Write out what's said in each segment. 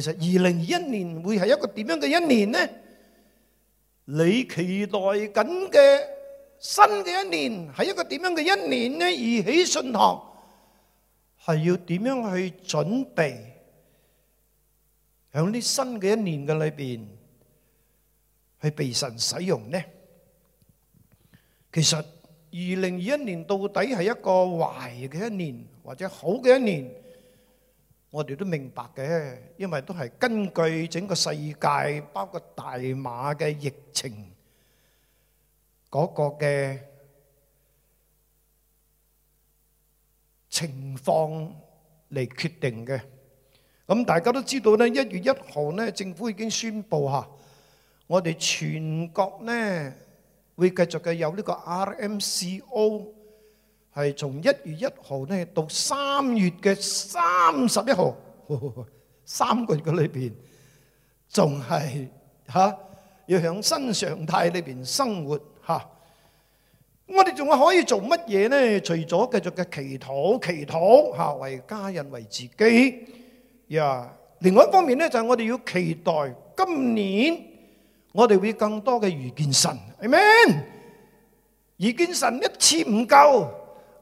其實二零二一年會係一個點樣嘅一年呢？你期待緊嘅新嘅一年係一個點樣嘅一年呢？而起信堂係要點樣去準備響呢新嘅一年嘅裏邊去被神使用呢？其實二零二一年到底係一個壞嘅一年，或者好嘅一年？我哋都明白嘅，因為都係根據整個世界，包括大馬嘅疫情嗰個嘅情況嚟決定嘅。咁大家都知道呢，一月一號呢，政府已經宣布吓，我哋全國呢會繼續嘅有呢個 RMCO。係從一月一號呢到三月嘅三十一號，三個月嘅裏邊仲係吓要喺新常態裏邊生活吓。我哋仲係可以做乜嘢呢？除咗繼續嘅祈禱、祈禱吓，為家人、為自己呀。另外一方面呢，就係我哋要期待今年我哋會更多嘅遇見神，係咪？遇見神一次唔夠。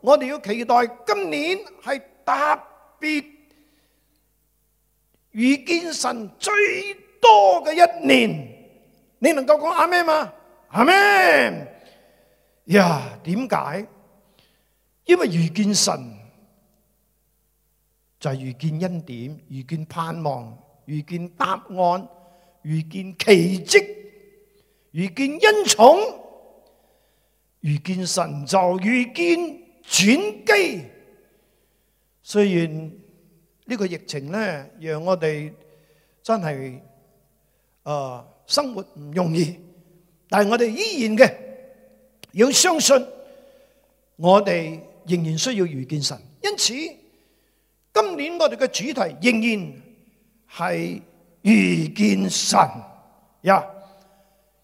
我哋要期待今年係特別遇見神最多嘅一年，你能夠講阿們嗎？阿們？呀，點解？因為遇見神就遇見恩典，遇見盼望，遇見答案，遇見奇蹟，遇見恩寵，遇見神就遇見。轉機。雖然呢個疫情咧，讓我哋真係誒生活唔容易，但係我哋依然嘅要相信，我哋仍然需要遇見神。因此，今年我哋嘅主題仍然係遇見神呀、yeah。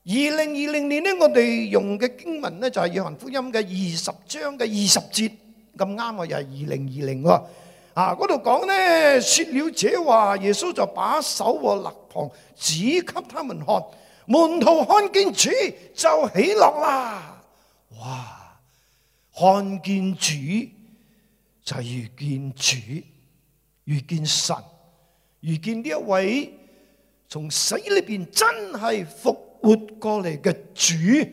二零二零年呢，我哋用嘅經文呢，就係《約翰福音》嘅二十章嘅二十節，咁啱我又係二零二零喎。啊，嗰度講呢：「說了這話，耶穌就把手和肋旁指給他們看，門徒看見主就喜樂啦。哇，看見主就遇見主，遇見神，遇見呢一位從死裏邊真係復活過嚟嘅主，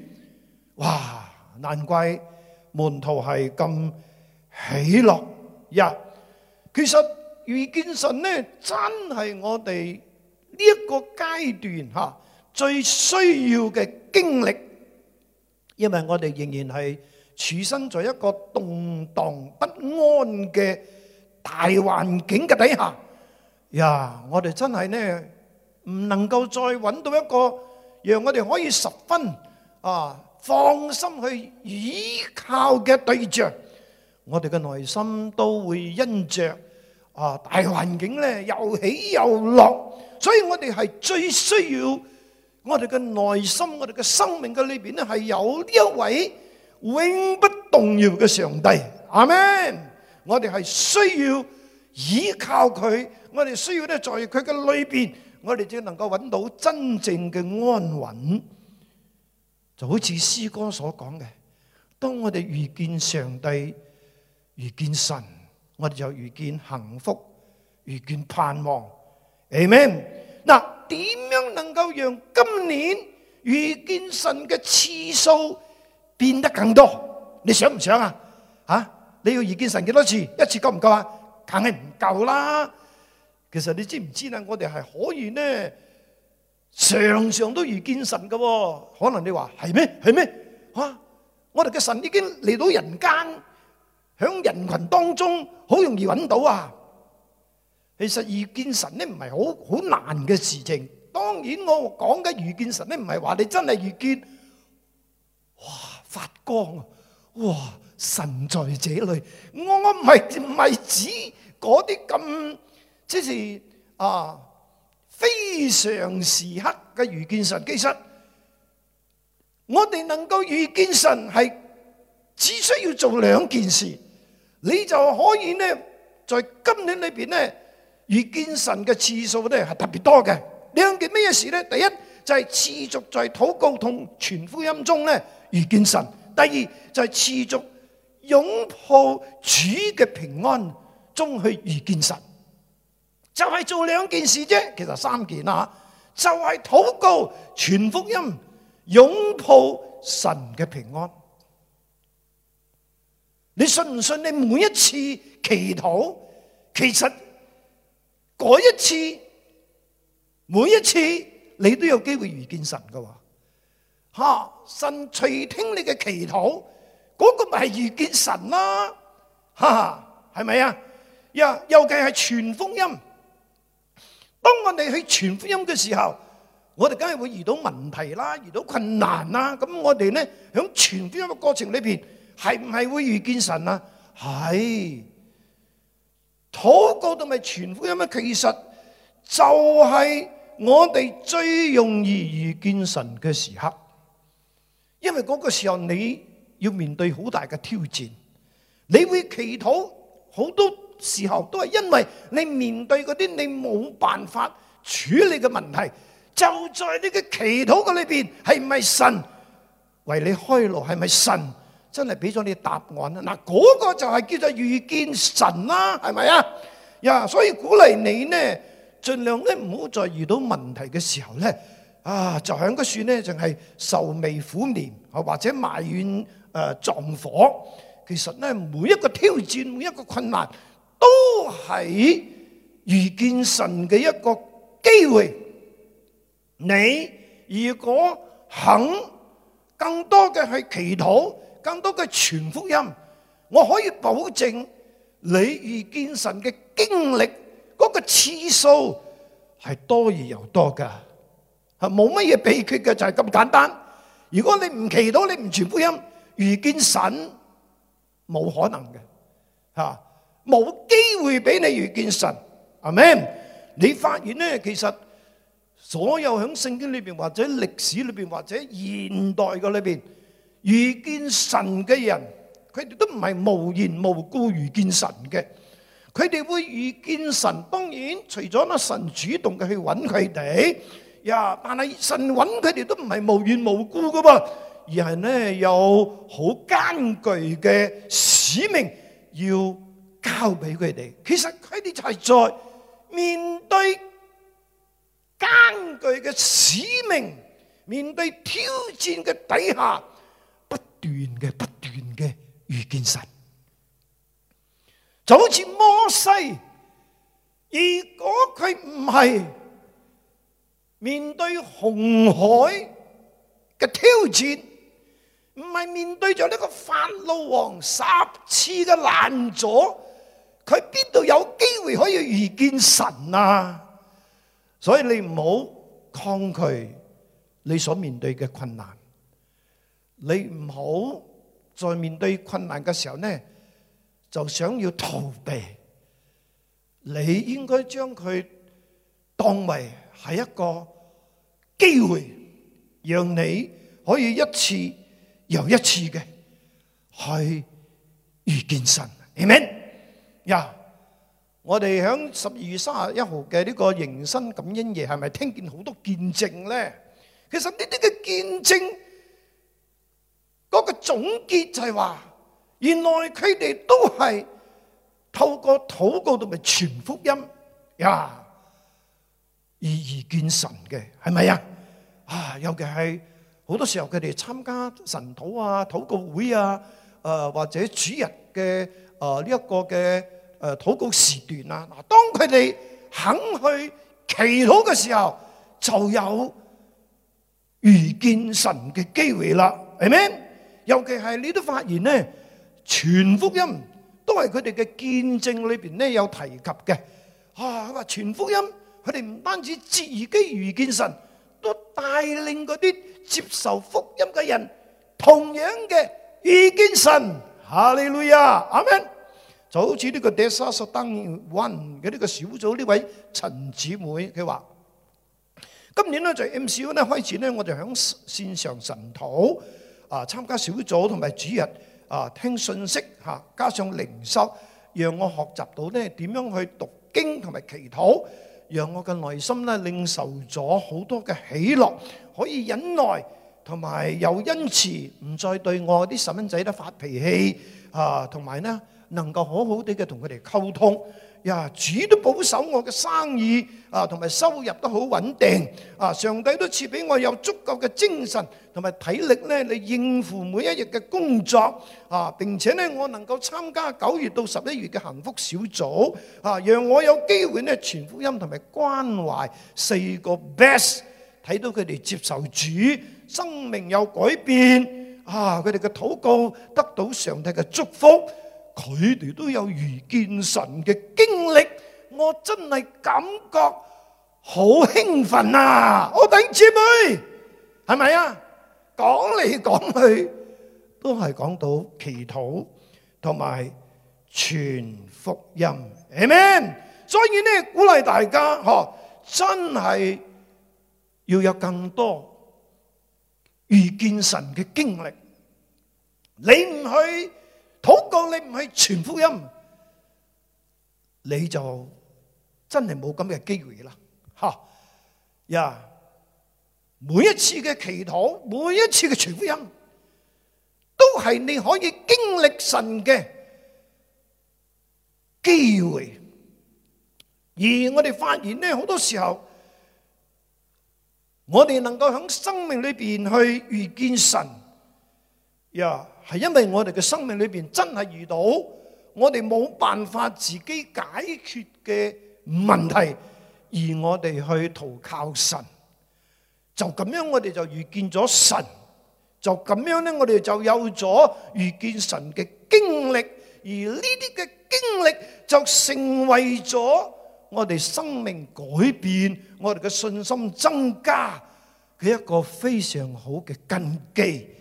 哇！難怪門徒係咁喜樂呀！Yeah, 其實遇見神呢，真係我哋呢一個階段吓最需要嘅經歷，因為我哋仍然係處身在一個動盪不安嘅大環境嘅底下呀！Yeah, 我哋真係呢，唔能夠再揾到一個。讓我哋可以十分啊放心去依靠嘅對象，我哋嘅內心都會因着啊大環境咧又起又落。所以我哋係最需要我哋嘅內心，我哋嘅生命嘅裏邊咧係有呢一位永不動搖嘅上帝，阿門！我哋係需要依靠佢，我哋需要咧在佢嘅裏邊。我哋只能夠揾到真正嘅安穩，就好似詩歌所講嘅，當我哋遇見上帝、遇見神，我哋就遇見幸福、遇見盼望。Amen。嗱，點樣能夠讓今年遇見神嘅次數變得更多？你想唔想啊？啊，你要遇見神幾多次？一次夠唔夠啊？梗係唔夠啦！其實你知唔知啦？我哋係可以呢，常常都遇見神㗎。可能你話係咩？係咩？啊！我哋嘅神已經嚟到人間，響人群當中好容易揾到啊。其實遇見神呢唔係好好難嘅事情。當然我講嘅遇見神呢唔係話你真係遇見，哇發光啊！哇神在這裏，我我唔係唔係指嗰啲咁。即是啊非常時刻嘅遇見神。其實我哋能夠遇見神係只需要做兩件事，你就可以呢，在今年裏邊呢遇見神嘅次數呢係特別多嘅。兩件咩事呢？第一就係持續在禱告同傳福音中呢遇見神；第二就係持續擁抱主嘅平安中去遇見神。就係、是、做兩件事啫，其實三件啊，就係、是、禱告、傳福音、擁抱神嘅平安。你信唔信？你每一次祈禱，其實嗰一次，每一次你都有機會遇見神噶。哇、啊！神垂聽你嘅祈禱，嗰、那個咪係遇見神啦。哈，係咪啊？又又計係傳福音。當我哋去傳福音嘅時候，我哋梗係會遇到問題啦，遇到困難啦。咁我哋呢喺傳福音嘅過程裏邊，係唔係會遇見神啊？係禱告同埋傳福音啊，其實就係我哋最容易遇見神嘅時刻，因為嗰個時候你要面對好大嘅挑戰，你會祈禱好多。時候都係因為你面對嗰啲你冇辦法處理嘅問題，就在你嘅祈禱嘅裏邊，係唔係神為你開路？係咪神真係俾咗你答案咧？嗱，嗰個就係叫做遇見神啦，係咪啊？呀、yeah，所以鼓勵你呢，盡量咧唔好再遇到問題嘅時候呢，啊就喺嗰樹呢，就係、是、愁眉苦臉，或者埋怨誒、呃、撞火。其實呢，每一個挑戰，每一個困難。都係遇見神嘅一個機會。你如果肯更多嘅去祈禱，更多嘅傳福音，我可以保證你遇見神嘅經歷嗰個次數係多而又多噶，係冇乜嘢秘訣嘅，就係咁簡單。如果你唔祈禱，你唔傳福音，遇見神冇可能嘅，嚇。冇機會俾你遇見神，係咪？你發現咧，其實所有喺聖經裏邊，或者歷史裏邊，或者現代嘅裏邊遇見神嘅人，佢哋都唔係無緣無故遇見神嘅。佢哋會遇見神，當然除咗阿神主動嘅去揾佢哋，呀，但係神揾佢哋都唔係無緣無故嘅噃，而係呢有好艱巨嘅使命要。交俾佢哋，其實佢哋就係在面對艱巨嘅使命、面對挑戰嘅底下，不斷嘅不斷嘅遇見神，就好似摩西。如果佢唔係面對紅海嘅挑戰，唔係面對咗呢個法老王十次嘅攔阻。佢邊度有機會可以遇見神啊？所以你唔好抗拒你所面對嘅困難，你唔好在面對困難嘅時候呢，就想要逃避。你應該將佢當為係一個機會，讓你可以一次又一次嘅去遇見神，明唔明？呀！我哋喺十二月三十一號嘅呢個迎新感恩夜，係咪聽見好多見證咧？其實呢啲嘅見證，嗰個總結就係話，原來佢哋都係透過禱告同埋傳福音，呀，而而見神嘅，係咪啊？啊，尤其係好多時候佢哋參加神禱啊、禱告會啊，誒或者主日嘅誒呢一個嘅。誒禱告時段啦，嗱，當佢哋肯去祈禱嘅時候，就有遇見神嘅機會啦，係咪？尤其係你都發現咧，全福音都係佢哋嘅見證裏邊咧有提及嘅。啊，我話全福音，佢哋唔單止自己遇見神，都帶領嗰啲接受福音嘅人同樣嘅遇見神。哈利路亞，阿門。就好似呢個 death Sunday One 嘅呢個小組呢位陳姊妹，佢話今年咧就 MCO 咧開始咧，我就喺線上神禱啊參加小組同埋主日啊聽信息嚇，加上靈修，讓我學習到咧點樣去讀經同埋祈禱，讓我嘅內心咧領受咗好多嘅喜樂，可以忍耐，同埋又有恩慈，唔再對我啲細蚊仔都發脾氣啊，同埋咧。能夠好好哋嘅同佢哋溝通呀，主都保守我嘅生意啊，同埋收入都好穩定啊。上帝都賜俾我有足夠嘅精神同埋體力咧，嚟應付每一日嘅工作啊。並且咧，我能夠參加九月到十一月嘅幸福小組啊，讓我有機會咧傳福音同埋關懷四個 best，睇到佢哋接受主，生命有改變啊。佢哋嘅禱告得到上帝嘅祝福。佢哋都有遇見神嘅經歷，我真係感覺好興奮啊！我頂住，姐妹，係咪啊？講嚟講去都係講到祈禱同埋傳福音，amen。所以咧，鼓勵大家，嗬，真係要有更多遇見神嘅經歷。你唔去？土告你唔去傳福音，你就真係冇咁嘅機會啦。吓，呀，每一次嘅祈禱，每一次嘅傳福音，都係你可以經歷神嘅機會。而我哋發現呢，好多時候，我哋能夠喺生命裏邊去遇見神。呀，係因為我哋嘅生命裏邊真係遇到我哋冇辦法自己解決嘅問題，而我哋去投靠神，就咁樣我哋就遇見咗神，就咁樣咧我哋就有咗遇見神嘅經歷，而呢啲嘅經歷就成為咗我哋生命改變、我哋嘅信心增加嘅一個非常好嘅根基。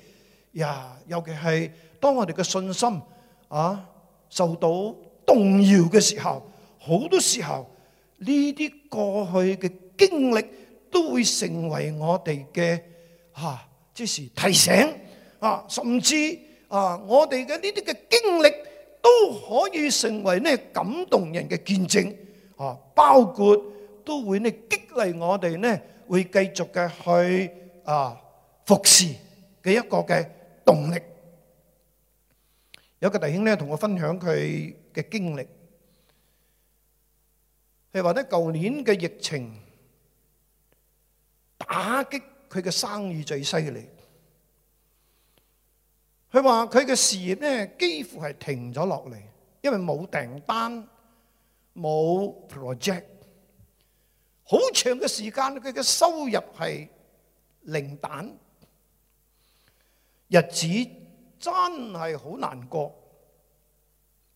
呀，尤其係當我哋嘅信心啊受到動搖嘅時候，好多時候呢啲過去嘅經歷都會成為我哋嘅啊，即係提醒啊，甚至啊，我哋嘅呢啲嘅經歷都可以成為呢感動人嘅見證啊，包括都會呢激勵我哋呢會繼續嘅去啊服侍嘅一個嘅動力。有個弟兄咧，同我分享佢嘅經歷，佢話咧舊年嘅疫情打擊佢嘅生意最犀利。佢話佢嘅事業咧幾乎係停咗落嚟，因為冇訂單、冇 project，好長嘅時間佢嘅收入係零蛋。日子真係好難過，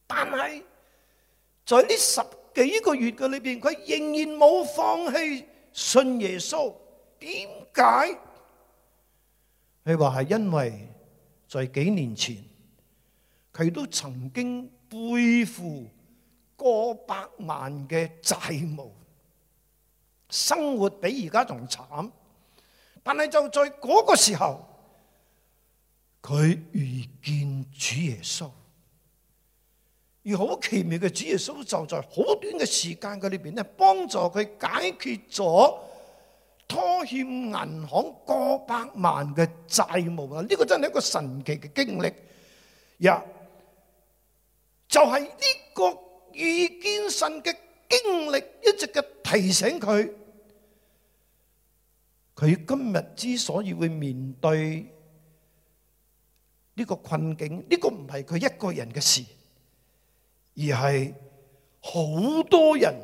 但係在呢十幾個月嘅裏邊，佢仍然冇放棄信耶穌。點解？佢話係因為在幾年前，佢都曾經背負過百萬嘅債務，生活比而家仲慘。但係就在嗰個時候。佢遇見主耶穌，而好奇妙嘅主耶穌就在好短嘅時間嘅裏邊咧，幫助佢解決咗拖欠銀行過百萬嘅債務啊！呢個真係一個神奇嘅經歷。呀，就係呢個遇見神嘅經歷，一直嘅提醒佢，佢今日之所以會面對。呢個困境，呢個唔係佢一個人嘅事，而係好多人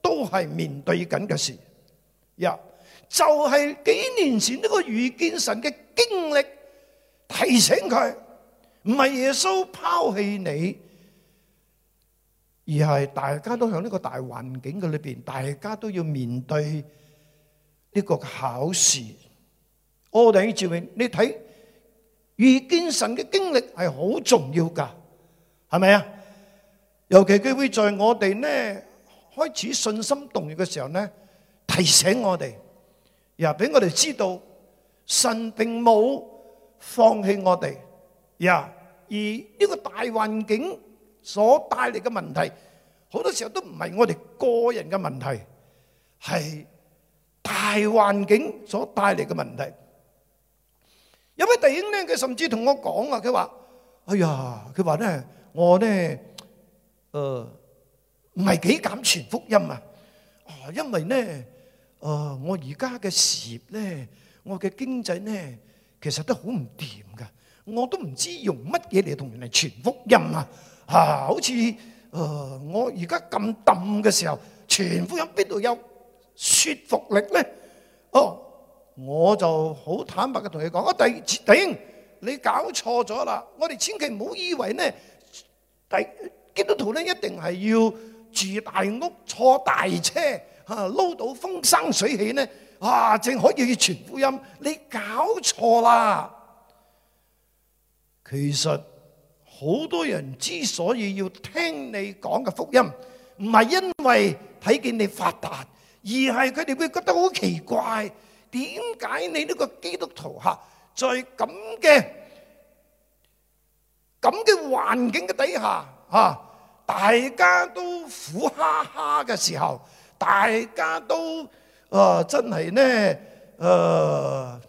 都係面對緊嘅事。呀，就係幾年前呢個遇見神嘅經歷，提醒佢唔係耶穌拋棄你，而係大家都響呢個大環境嘅裏邊，大家都要面對呢個考試。我等於證明，你睇。遇見神嘅經歷係好重要噶，係咪啊？尤其佢會在我哋呢開始信心動搖嘅時候呢，提醒我哋，又俾我哋知道神並冇放棄我哋。呀，而呢個大環境所帶嚟嘅問題，好多時候都唔係我哋個人嘅問題，係大環境所帶嚟嘅問題。有位弟兄咧，佢甚至同我講啊，佢話：哎呀，佢話咧，我咧，誒唔係幾敢傳福音啊！啊，因為咧，誒我而家嘅事業咧，我嘅經濟咧，其實都好唔掂噶，我都唔知用乜嘢嚟同人哋傳福音啊！啊，好似誒我而家咁揼嘅時候，傳福音邊度有説服力咧？哦！我就好坦白嘅同你講，啊，我第頂你搞錯咗啦！我哋千祈唔好以為呢，基督徒呢一定係要住大屋、坐大車嚇，撈、啊、到風生水起呢哇，啊！正可以傳福音。你搞錯啦！其實好多人之所以要聽你講嘅福音，唔係因為睇見你發達，而係佢哋會覺得好奇怪。點解你呢個基督徒吓，在咁嘅咁嘅環境嘅底下啊，大家都苦哈哈嘅時候，大家都誒、啊、真係呢誒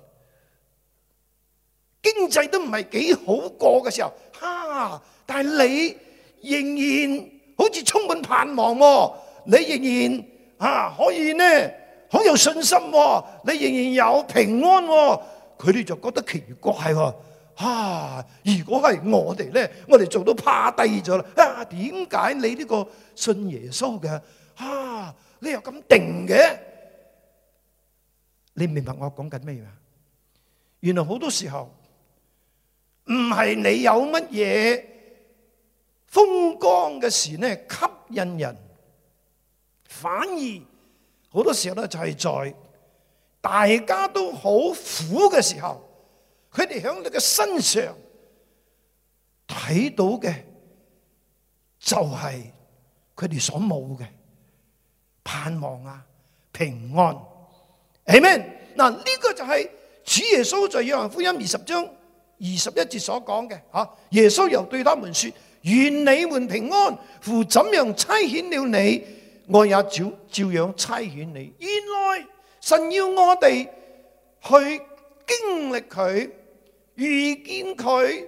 經濟都唔係幾好過嘅時候，哈、啊！但係你仍然好似充滿盼望喎、哦，你仍然啊可以呢。好有信心、啊，你仍然有平安、啊，佢哋就覺得奇異國係喎。啊，如果係我哋咧，我哋做到趴低咗啦。啊，點解你呢個信耶穌嘅？啊，你又咁定嘅？你唔明白我講緊咩呀？原來好多時候唔係你有乜嘢風光嘅事呢，吸引人，反而。好多時候咧就係在大家都好苦嘅時候，佢哋喺你嘅身上睇到嘅就係佢哋所冇嘅盼望啊平安。阿們。嗱，呢個就係主耶穌在約翰福音二十章二十一節所講嘅。吓，耶穌又對他們說：願你們平安，父怎樣差遣了你。我也照照樣差遣你。原來神要我哋去經歷佢，遇見佢。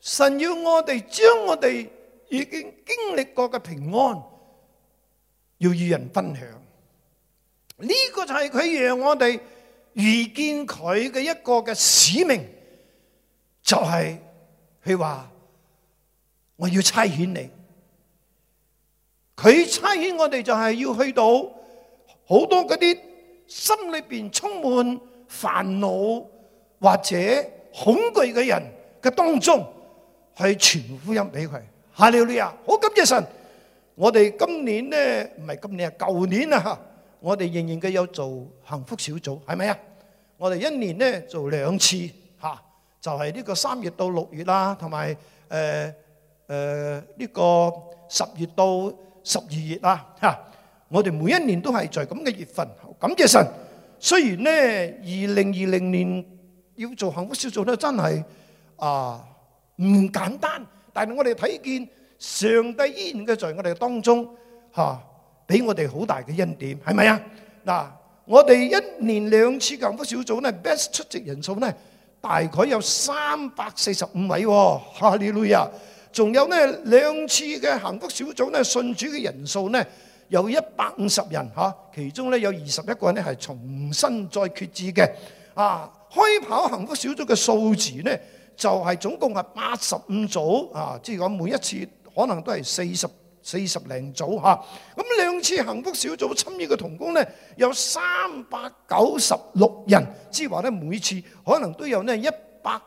神要我哋將我哋已經經歷過嘅平安，要與人分享。呢個就係佢讓我哋遇見佢嘅一個嘅使命，就係佢話我要差遣你。佢差遣我哋就係要去到好多嗰啲心裏邊充滿煩惱或者恐懼嘅人嘅當中，去傳福音俾佢。哈利路亞！好感謝神我，我哋今年呢，唔係今年啊，舊年啊嚇，我哋仍然嘅有做幸福小組，係咪啊？我哋一年呢做兩次嚇，就係、是、呢個三月到六月啦，同埋誒誒呢個十月到十二月啦，嚇、啊！我哋每一年都係在咁嘅月份感謝神。雖然呢二零二零年要做幸福小組咧，真係啊唔簡單。但係我哋睇見上帝依然嘅在我哋當中嚇，俾、啊、我哋好大嘅恩典，係咪啊？嗱，我哋一年兩次幸福小組呢 best 出席人數呢，大概有三百四十五位喎，哦，哈利路亞！仲有呢兩次嘅幸福小組呢，信主嘅人數呢有一百五十人嚇，其中呢，有二十一個人呢係重新再決志嘅啊。開跑幸福小組嘅數字呢，就係、是、總共係八十五組啊，即係講每一次可能都係四十四十零組嚇。咁、啊、兩次幸福小組參與嘅同工呢，有三百九十六人，之話呢，每次可能都有呢一百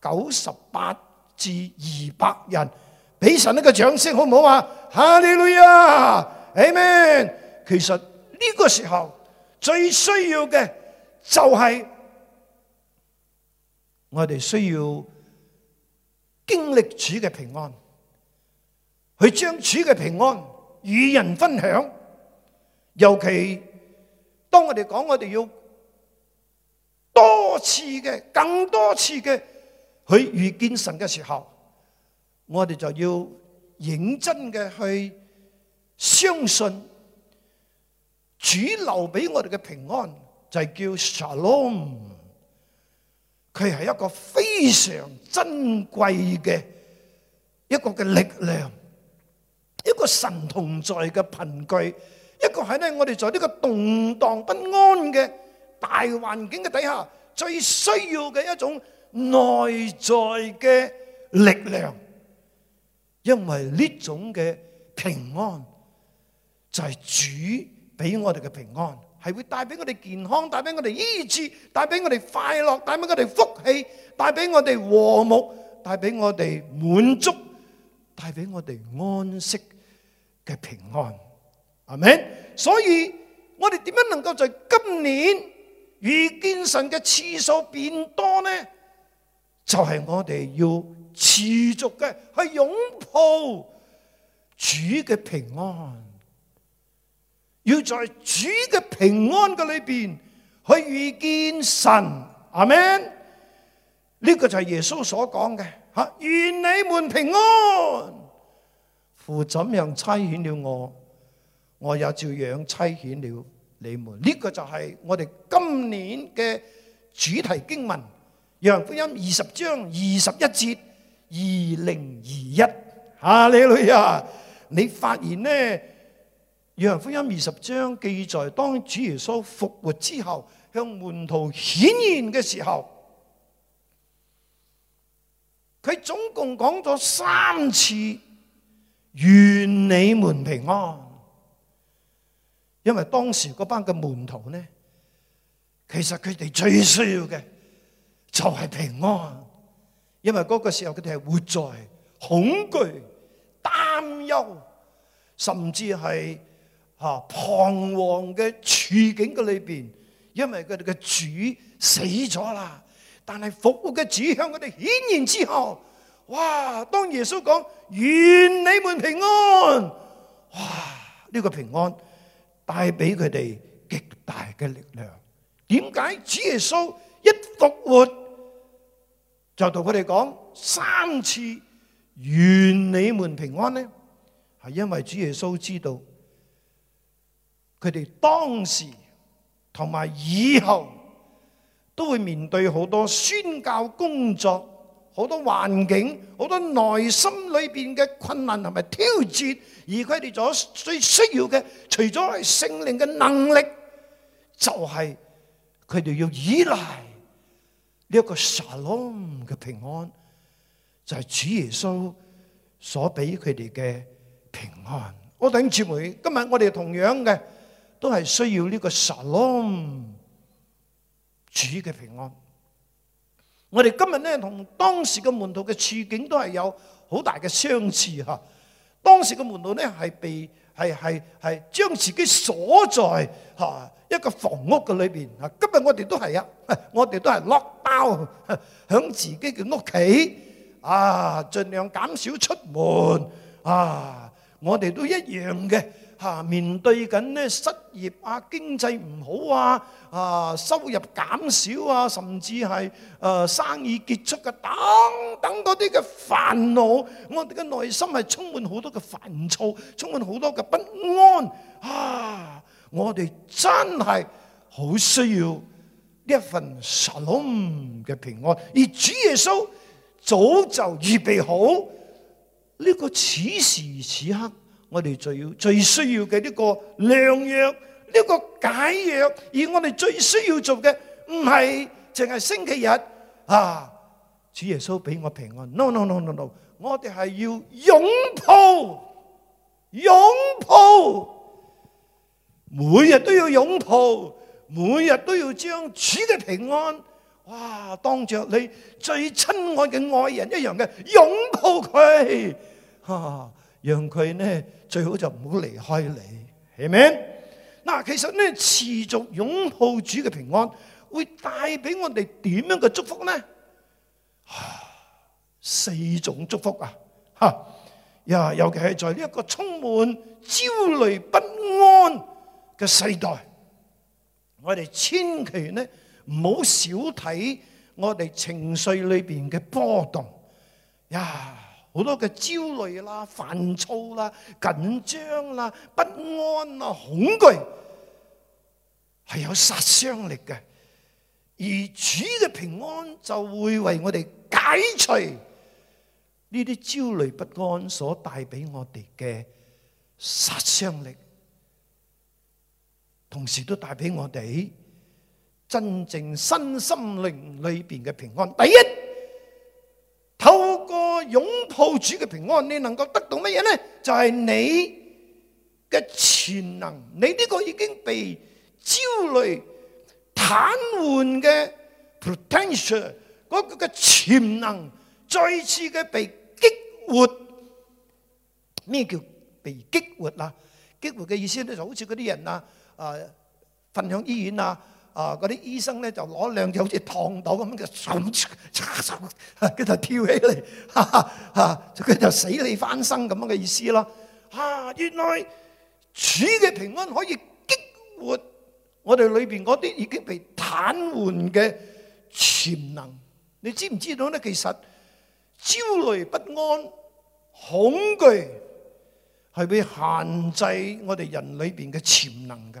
九十八至二百人，俾神一個掌聲好唔好啊？哈利路亞！阿們！其實呢個時候最需要嘅就係我哋需要經歷主嘅平安，去將主嘅平安與人分享。尤其當我哋講，我哋要多次嘅，更多次嘅。佢遇見神嘅時候，我哋就要認真嘅去相信主留俾我哋嘅平安就是、叫 s a l o m 佢係一個非常珍貴嘅一個嘅力量，一個神同在嘅憑據，一個係我哋在呢個動盪不安嘅大環境嘅底下最需要嘅一種內在嘅力量，因為呢種嘅平安就係主俾我哋嘅平安，係會帶俾我哋健康，帶俾我哋醫治，帶俾我哋快樂，帶俾我哋福氣，帶俾我哋和睦，帶俾我哋滿足，帶俾我哋安息嘅平安，係咪？所以我哋點樣能夠在今年遇見神嘅次數變多呢？就係、是，我哋要持續嘅去擁抱主嘅平安，要在主嘅平安嘅裏面，去遇見神，阿門。呢個就係耶穌所講嘅吓，願你們平安。父怎樣差遣了我，我也照樣差遣了你們。呢、這個就係我哋今年嘅主題經文。《約翰福音》二十章二十一節，二零二一，啊，你女啊，你發現呢，《約翰福音》二十章記載當主耶穌復活之後向門徒顯現嘅時候，佢總共講咗三次願你們平安，因為當時嗰班嘅門徒呢，其實佢哋最需要嘅。就係、是、平安，因為嗰個時候佢哋係活在恐懼、擔憂，甚至係吓彷徨嘅處境嘅裏邊。因為佢哋嘅主死咗啦，但係復活嘅主向佢哋顯現之後，哇！當耶穌講願你們平安，哇！呢、這個平安帶俾佢哋極大嘅力量。點解主耶穌？一復活就同佢哋講三次願你們平安呢，係因為主耶穌知道佢哋當時同埋以後都會面對好多宣教工作、好多環境、好多內心裏邊嘅困難同埋挑戰，而佢哋所最需要嘅，除咗聖靈嘅能力，就係佢哋要依賴。呢一個 Shalom 嘅平安就係主耶穌所俾佢哋嘅平安。我等姊妹，今日我哋同樣嘅都係需要呢個 Shalom 主嘅平安。我哋今日咧同當時嘅門徒嘅處境都係有好大嘅相似吓。當時嘅門路呢係被係係係將自己鎖在嚇一個房屋嘅裏邊啊，今日我哋都係啊，我哋都係 lockdown 喺自己嘅屋企啊，盡量減少出門啊，我哋都一樣嘅。吓、啊，面對緊咧失業啊、經濟唔好啊、啊收入減少啊，甚至係誒、啊、生意結束嘅、啊、等等啲嘅煩惱，我哋嘅內心係充滿好多嘅煩躁，充滿好多嘅不安。啊，我哋真係好需要呢一份神嘅平安，而主耶穌早就預備好呢、呢個此時此刻。我哋最要、最需要嘅呢個良藥，呢個解藥。而我哋最需要做嘅唔係淨係星期日啊，主耶穌俾我平安。No no no no no，no，我哋係要擁抱、擁抱，每日都要擁抱，每日都要將主嘅平安，哇，當着你最親愛嘅愛人一樣嘅擁抱佢。啊讓佢咧，最好就唔好離開你，係咪？嗱，其實咧，持續擁抱主嘅平安，會帶俾我哋點樣嘅祝福呢、啊？四種祝福啊，吓、啊、呀！尤其係在呢一個充滿焦慮不安嘅世代，我哋千祈咧，唔好小睇我哋情緒裏邊嘅波動呀。啊好多嘅焦慮啦、煩躁啦、緊張啦、不安啊、恐懼，係有殺傷力嘅。而主嘅平安就會為我哋解除呢啲焦慮不安所帶俾我哋嘅殺傷力，同時都帶俾我哋真正新心靈裏邊嘅平安。第一。主嘅平安，你能夠得到乜嘢咧？就係、是、你嘅潛能，你呢個已經被焦慮、癱瘓嘅 potential，嗰個嘅潛能再次嘅被激活。咩叫被激活啊？激活嘅意思咧就好似嗰啲人啊，誒、呃，瞓響醫院啊。啊！嗰啲醫生咧就攞兩隻好似燙斗咁嘅，咁嚓嚓，跳起嚟，嚇、啊、嚇、啊啊啊啊，就死裏翻生咁樣嘅意思啦。啊！原來主嘅平安可以激活我哋裏邊嗰啲已經被癱瘓嘅潛能。你知唔知道咧？其實焦慮不安、恐懼係會限制我哋人裏邊嘅潛能嘅。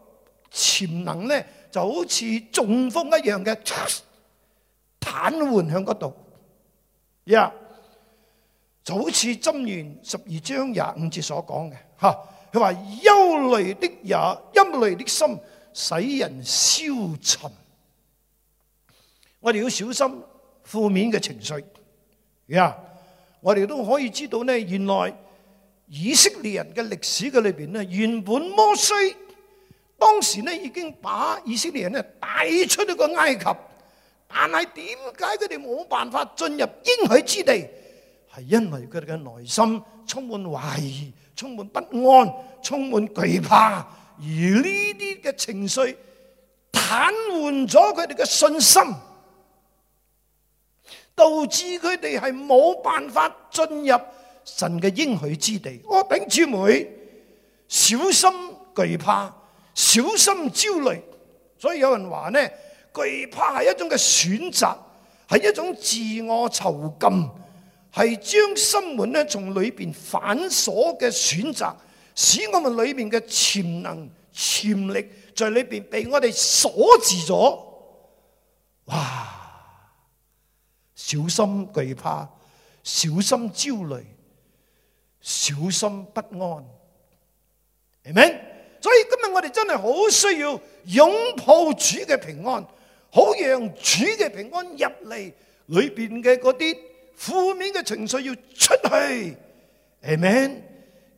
潛能呢就好似中風一樣嘅，癱瘓喺嗰度。呀，yeah. 就好似《箴言》十二章廿五節所講嘅，嚇佢話憂慮的人、憂慮的心，使人消沉。我哋要小心負面嘅情緒。呀、yeah，我哋都可以知道呢，原來以色列人嘅歷史嘅裏邊呢，原本摩西。當時咧已經把以色列人咧帶出呢個埃及，但係點解佢哋冇辦法進入應許之地？係因為佢哋嘅內心充滿懷疑、充滿不安、充滿懼怕，而呢啲嘅情緒癱瘓咗佢哋嘅信心，導致佢哋係冇辦法進入神嘅應許之地。我等姊妹小心懼怕。小心焦慮，所以有人話呢懼怕係一種嘅選擇，係一種自我囚禁，係將心門呢從裏邊反鎖嘅選擇，使我哋裏邊嘅潛能、潛力在裏邊被我哋鎖住咗。哇！小心懼怕，小心焦慮，小心不安。Amen。所以今日我哋真係好需要擁抱主嘅平安，好讓主嘅平安入嚟裏邊嘅嗰啲負面嘅情緒要出去，Amen，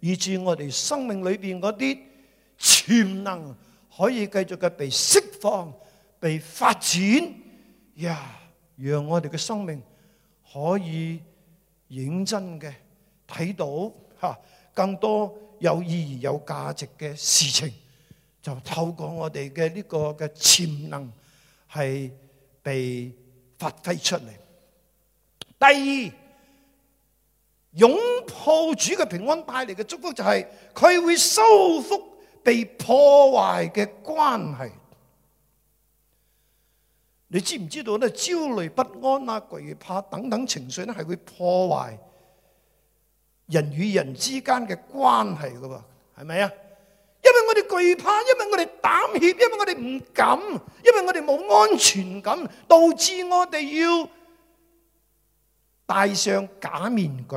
以致我哋生命裏邊嗰啲潛能可以繼續嘅被釋放、被發展，呀，讓我哋嘅生命可以認真嘅睇到吓更多。有意義、有價值嘅事情，就透過我哋嘅呢個嘅潛能係被發揮出嚟。第二，擁抱主嘅平安帶嚟嘅祝福就係、是、佢會修復被破壞嘅關係。你知唔知道呢？焦慮、不安啊、懼怕等等情緒呢，係會破壞。人與人之間嘅關係噶喎，係咪啊？因為我哋懼怕，因為我哋膽怯，因為我哋唔敢，因為我哋冇安全感，導致我哋要戴上假面具。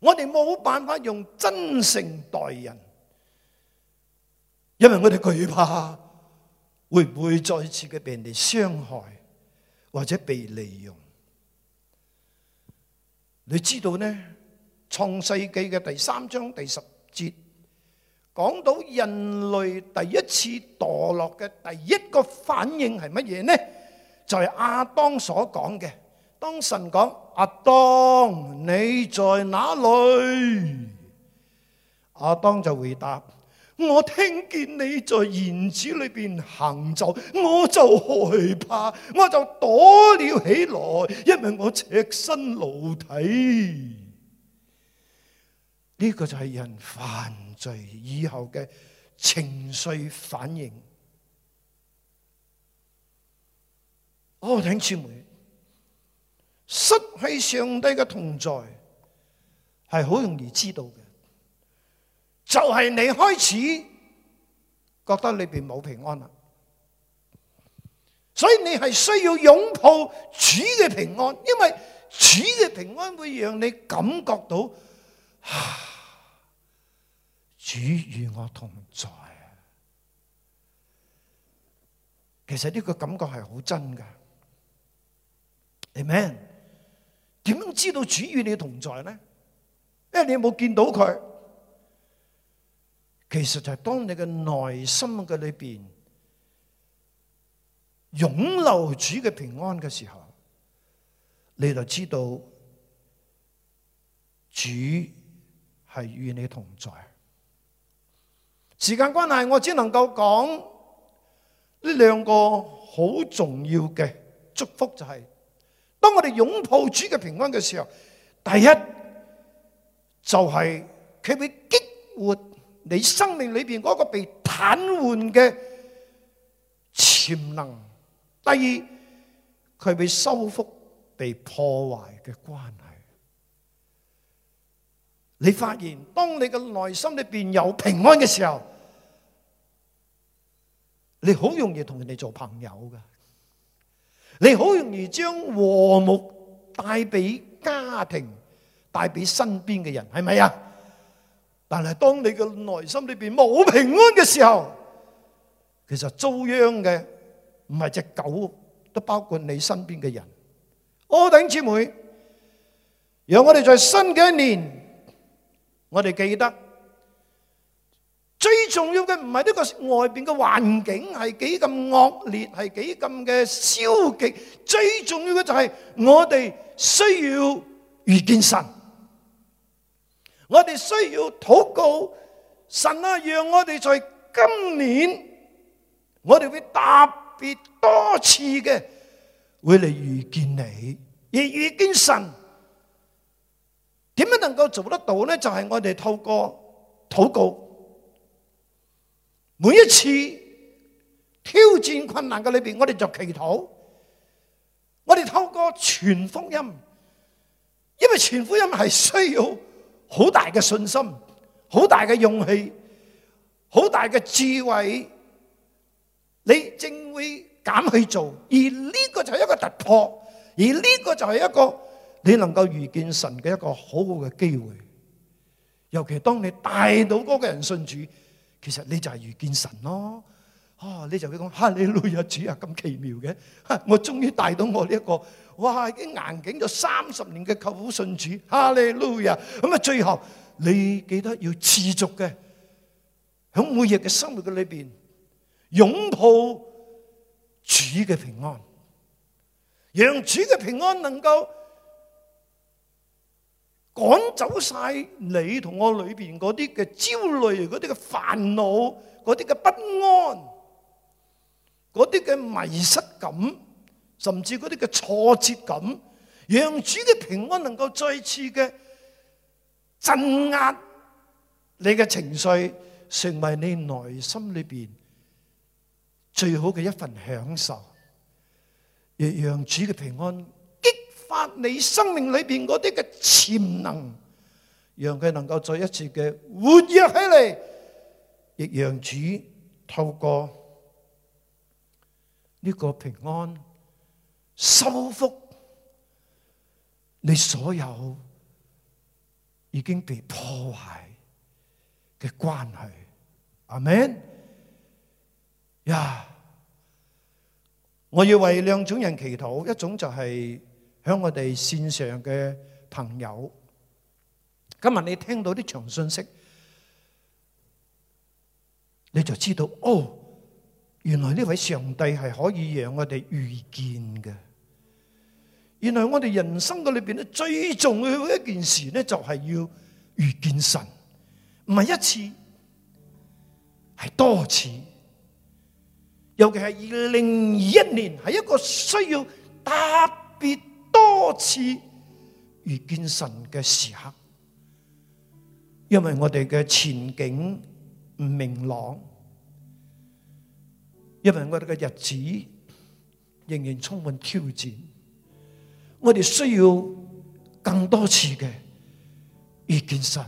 我哋冇辦法用真誠待人，因為我哋懼怕會唔會再次嘅被人哋傷害或者被利用。你知道呢？創世記嘅第三章第十節講到人類第一次墮落嘅第一個反應係乜嘢呢？就係、是、阿當所講嘅。當神講，阿當，你在哪裡？阿當就回答。我聽見你在園子裏邊行走，我就害怕，我就躲了起來，因為我赤身露體。呢、這個就係人犯罪以後嘅情緒反應。哦，聽傳媒，失去上帝嘅同在，係好容易知道嘅。就係、是、你開始覺得裏邊冇平安啦，所以你係需要擁抱主嘅平安，因為主嘅平安會讓你感覺到啊，主與我同在。其實呢個感覺係好真噶，amen。點樣知道主與你同在呢？因為你有冇見到佢。其實就係當你嘅內心嘅裏邊，擁留主嘅平安嘅時候，你就知道主係與你同在。時間關係，我只能夠講呢兩個好重要嘅祝福，就係當我哋擁抱主嘅平安嘅時候，第一就係佢會激活。你生命裏邊嗰個被癱瘓嘅潛能，第二佢被修復、被破壞嘅關係。你發現，當你嘅內心裏邊有平安嘅時候，你好容易同人哋做朋友噶，你好容易將和睦帶俾家庭帶給是是、帶俾身邊嘅人，係咪啊？但係當你嘅內心裏邊冇平安嘅時候，其實遭殃嘅唔係隻狗，都包括你身邊嘅人。柯頂姊妹，讓我哋在新嘅一年，我哋記得最重要嘅唔係呢個外邊嘅環境係幾咁惡劣，係幾咁嘅消極，最重要嘅就係我哋需要遇見神。我哋需要禱告，神啊，讓我哋在今年，我哋會特別多次嘅會嚟遇見你，而遇見神，點樣能夠做得到咧？就係我哋透過禱告，每一次挑戰困難嘅裏邊，我哋就祈禱，我哋透過傳福音，因為傳福音係需要。好大嘅信心，好大嘅勇氣，好大嘅智慧，你正會敢去做，而呢個就係一個突破，而呢個就係一個你能夠遇見神嘅一個好好嘅機會。尤其當你帶到嗰個人信主，其實你就係遇見神咯。啊，你就會講哈利路亞，主啊咁奇妙嘅，啊，我終於帶到我呢、這、一個。哇！已經硬頸咗三十年嘅舅父信主，哈利路亞！咁啊，最後你記得要持續嘅，喺每日嘅生活嘅裏邊擁抱主嘅平安，讓主嘅平安能夠趕走曬你同我裏邊嗰啲嘅焦慮、嗰啲嘅煩惱、嗰啲嘅不安、嗰啲嘅迷失感。甚至 𠮶 啲嘅挫折感，讓主嘅平安能夠再次嘅鎮壓你嘅情緒，成為你內心裏邊最好嘅一份享受，亦讓主嘅平安激發你生命裏邊 𠮶 啲嘅潛能，讓佢能夠再一次嘅活躍起嚟，亦讓主透過呢個平安。修復你所有已經被破壞嘅關係，阿門呀！我要為兩種人祈禱，一種就係響我哋線上嘅朋友。今日你聽到啲長信息，你就知道哦。呢位上帝係可以讓我哋遇見嘅。原來我哋人生嘅裏邊咧，最重要嘅一件事呢，就係要遇見神，唔係一次，係多次。尤其係二零二一年，係一個需要特別多次遇見神嘅時刻，因為我哋嘅前景唔明朗。因為我哋嘅日子仍然充滿挑戰，我哋需要更多次嘅遇見神。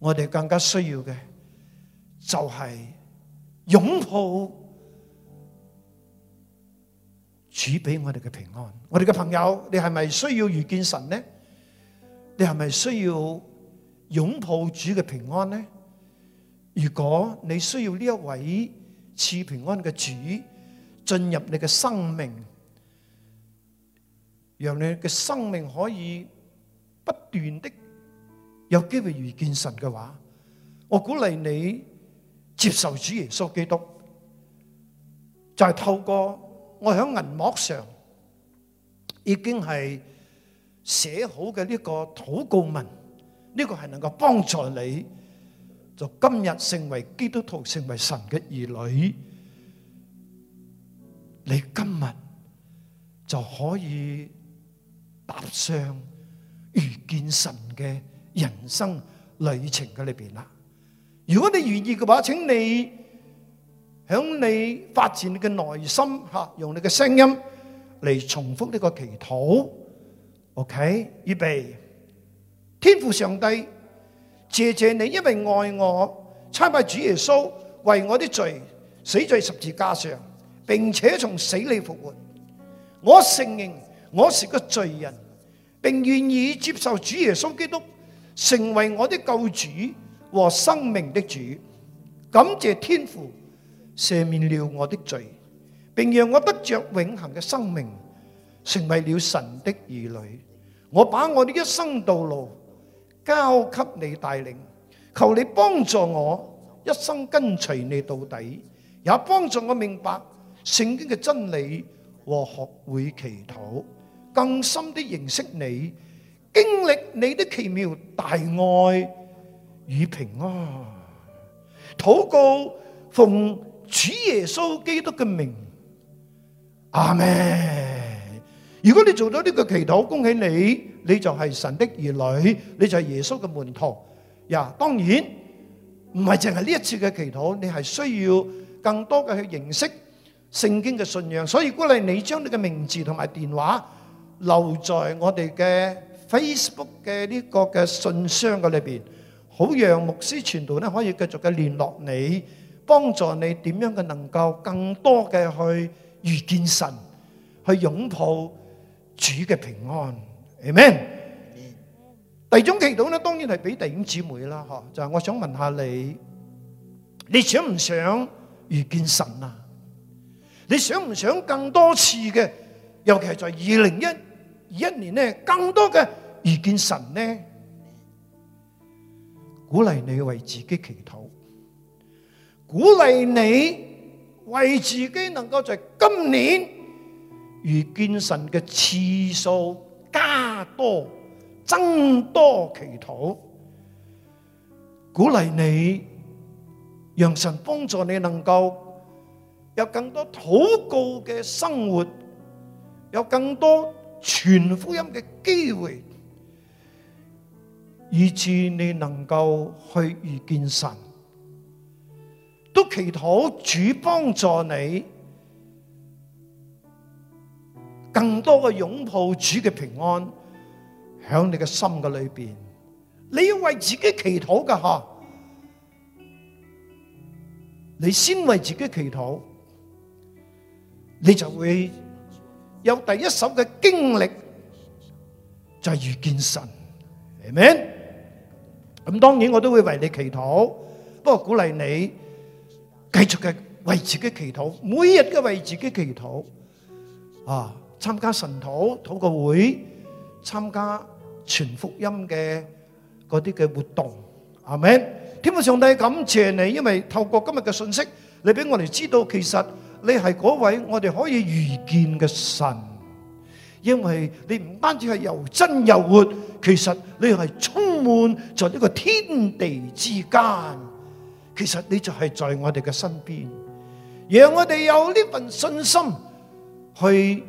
我哋更加需要嘅就係擁抱主俾我哋嘅平安。我哋嘅朋友，你係咪需要遇見神呢？你係咪需要擁抱主嘅平安呢？如果你需要呢一位，賜平安嘅主進入你嘅生命，讓你嘅生命可以不斷的有機會遇見神嘅話，我鼓勵你接受主耶穌基督，就係透過我響銀幕上已經係寫好嘅呢個禱告文，呢個係能夠幫助你。就今日成為基督徒，成為神嘅兒女，你今日就可以踏上遇見神嘅人生旅程嘅裏邊啦。如果你願意嘅話，請你響你發自你嘅內心吓，用你嘅聲音嚟重複呢個祈禱。OK，預備，天父上帝。謝謝你，因為愛我，差派主耶穌為我的罪死在十字架上，並且從死裏復活。我承認我是個罪人，並願意接受主耶穌基督成為我的救主和生命的主。感謝天父赦免了我的罪，並讓我得着永恆嘅生命，成為了神的兒女。我把我的一生道路。交給你帶領，求你幫助我一生跟隨你到底，也幫助我明白聖經嘅真理和學會祈禱，更深的認識你，經歷你的奇妙大愛與平安。禱告奉主耶穌基督嘅名，阿門。如果你做咗呢個祈禱，恭喜你。你就係神的兒女，你就係耶穌嘅門徒呀。當然唔係淨係呢一次嘅祈禱，你係需要更多嘅去認識聖經嘅信仰。所以，如果你將你嘅名字同埋電話留在我哋嘅 Facebook 嘅呢個嘅信箱嘅裏邊，好讓牧師傳道咧可以繼續嘅聯絡你，幫助你點樣嘅能夠更多嘅去遇見神，去擁抱主嘅平安。Amen。第二種祈禱咧，當然係俾弟兄姊妹啦，嗬，就係我想問下你，你想唔想遇見神啊？你想唔想更多次嘅？尤其係在二零一一年咧，更多嘅遇見神呢？鼓勵你為自己祈禱，鼓勵你為自己能夠在今年遇見神嘅次數。加多，增多祈禱，鼓勵你，讓神幫助你，能夠有更多禱告嘅生活，有更多傳福音嘅機會，以至你能夠去遇見神，都祈禱主幫助你。更多嘅擁抱主嘅平安，響你嘅心嘅裏邊，你要為自己祈禱嘅吓，你先為自己祈禱，你就會有第一手嘅經歷，就係遇見神，明唔明？咁當然我都會為你祈禱，不過鼓勵你繼續嘅為自己祈禱，每日都為自己祈禱啊！參加神討討個會，參加全福音嘅嗰啲嘅活動，係咪？天父上帝感謝你，因為透過今日嘅信息，你俾我哋知道，其實你係嗰位我哋可以遇見嘅神，因為你唔單止係又真又活，其實你係充滿在呢個天地之間，其實你就係在我哋嘅身邊，讓我哋有呢份信心去。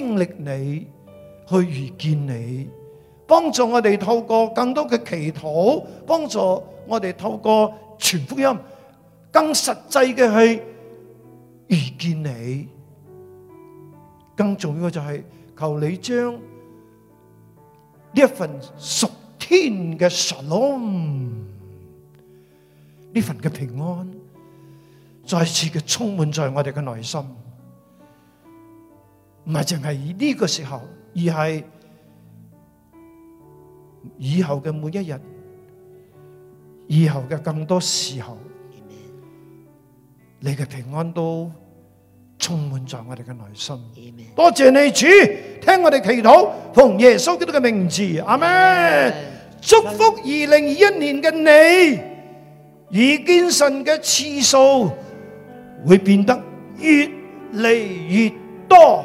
經歷你，去遇見你，幫助我哋透過更多嘅祈禱，幫助我哋透過傳福音，更實際嘅去遇見你。更重要嘅就係求你將呢一份屬天嘅沙龍，呢份嘅平安，再次嘅充滿在我哋嘅內心。唔係淨係呢個時候，而係以後嘅每一日，以後嘅更多時候，你嘅平安都充滿在我哋嘅內心。多謝你主聽我哋祈禱，同耶穌基督嘅名字阿們。祝福二零二一年嘅你，遇見神嘅次數會變得越嚟越多。